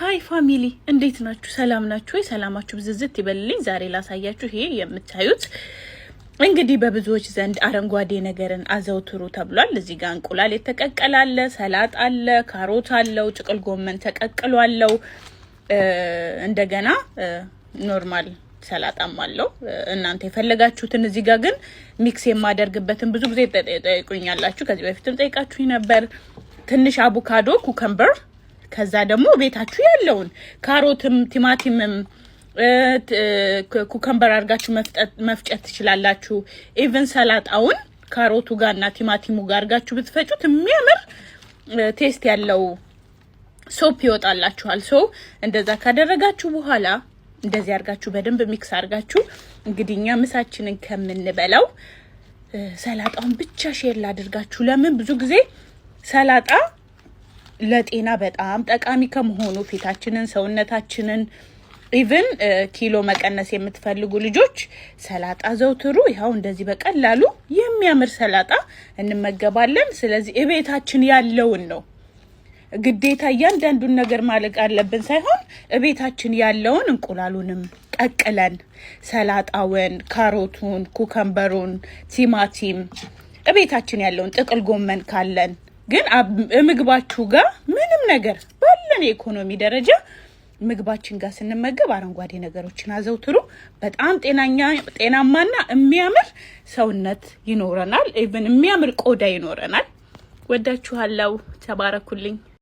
ሀይ ፋሚሊ እንዴት ናችሁ? ሰላም ናችሁ ወይ? ሰላማችሁ ብዝዝት ይበልልኝ። ዛሬ ላሳያችሁ ይሄ የምታዩት እንግዲህ በብዙዎች ዘንድ አረንጓዴ ነገርን አዘውትሩ ተብሏል። እዚህ ጋር እንቁላል የተቀቀለ አለ፣ ሰላጣ አለ፣ ካሮት አለው፣ ጭቅል ጎመን ተቀቅሎ አለው፣ እንደገና ኖርማል ሰላጣም አለው። እናንተ የፈለጋችሁትን። እዚህ ጋር ግን ሚክስ የማደርግበትን ብዙ ጊዜ ጠይቁኛላችሁ። ከዚህ በፊትም ጠይቃችሁኝ ነበር። ትንሽ አቮካዶ፣ ኩከምበር ከዛ ደግሞ ቤታችሁ ያለውን ካሮትም ቲማቲምም ኩከምበር አድርጋችሁ መፍጨት ትችላላችሁ። ኢቨን ሰላጣውን ካሮቱ ጋር እና ቲማቲሙ ጋር አድርጋችሁ ብትፈጩት የሚያምር ቴስት ያለው ሶፕ ይወጣላችኋል። ሶ እንደዛ ካደረጋችሁ በኋላ እንደዚህ አድርጋችሁ በደንብ ሚክስ አድርጋችሁ እንግዲህ እኛ ምሳችንን ከምንበላው ሰላጣውን ብቻ ሼር ላድርጋችሁ። ለምን ብዙ ጊዜ ሰላጣ ለጤና በጣም ጠቃሚ ከመሆኑ ፊታችንን፣ ሰውነታችንን ኢቭን ኪሎ መቀነስ የምትፈልጉ ልጆች ሰላጣ ዘውትሩ። ይኸው እንደዚህ በቀላሉ የሚያምር ሰላጣ እንመገባለን። ስለዚህ እቤታችን ያለውን ነው ግዴታ እያንዳንዱን ነገር ማለቅ አለብን ሳይሆን እቤታችን ያለውን እንቁላሉንም ቀቅለን ሰላጣውን፣ ካሮቱን፣ ኩከምበሩን፣ ቲማቲም እቤታችን ያለውን ጥቅል ጎመን ካለን ግን ምግባችሁ ጋር ምንም ነገር ባለን የኢኮኖሚ ደረጃ ምግባችን ጋር ስንመገብ አረንጓዴ ነገሮችን አዘውትሩ። በጣም ጤናኛ ጤናማና የሚያምር ሰውነት ይኖረናል። ኢቨን የሚያምር ቆዳ ይኖረናል። ወዳችኋለሁ። ተባረኩልኝ።